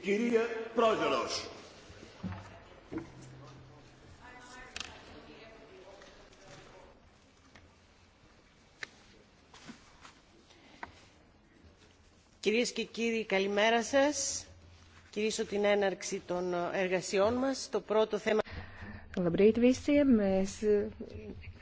Κυρία Πρόεδρος. Κυρίες και κύριοι, καλημέρα σας. Κυρίσω την έναρξη των εργασιών μας. Το πρώτο θέμα... Labrīt visiem! Mēs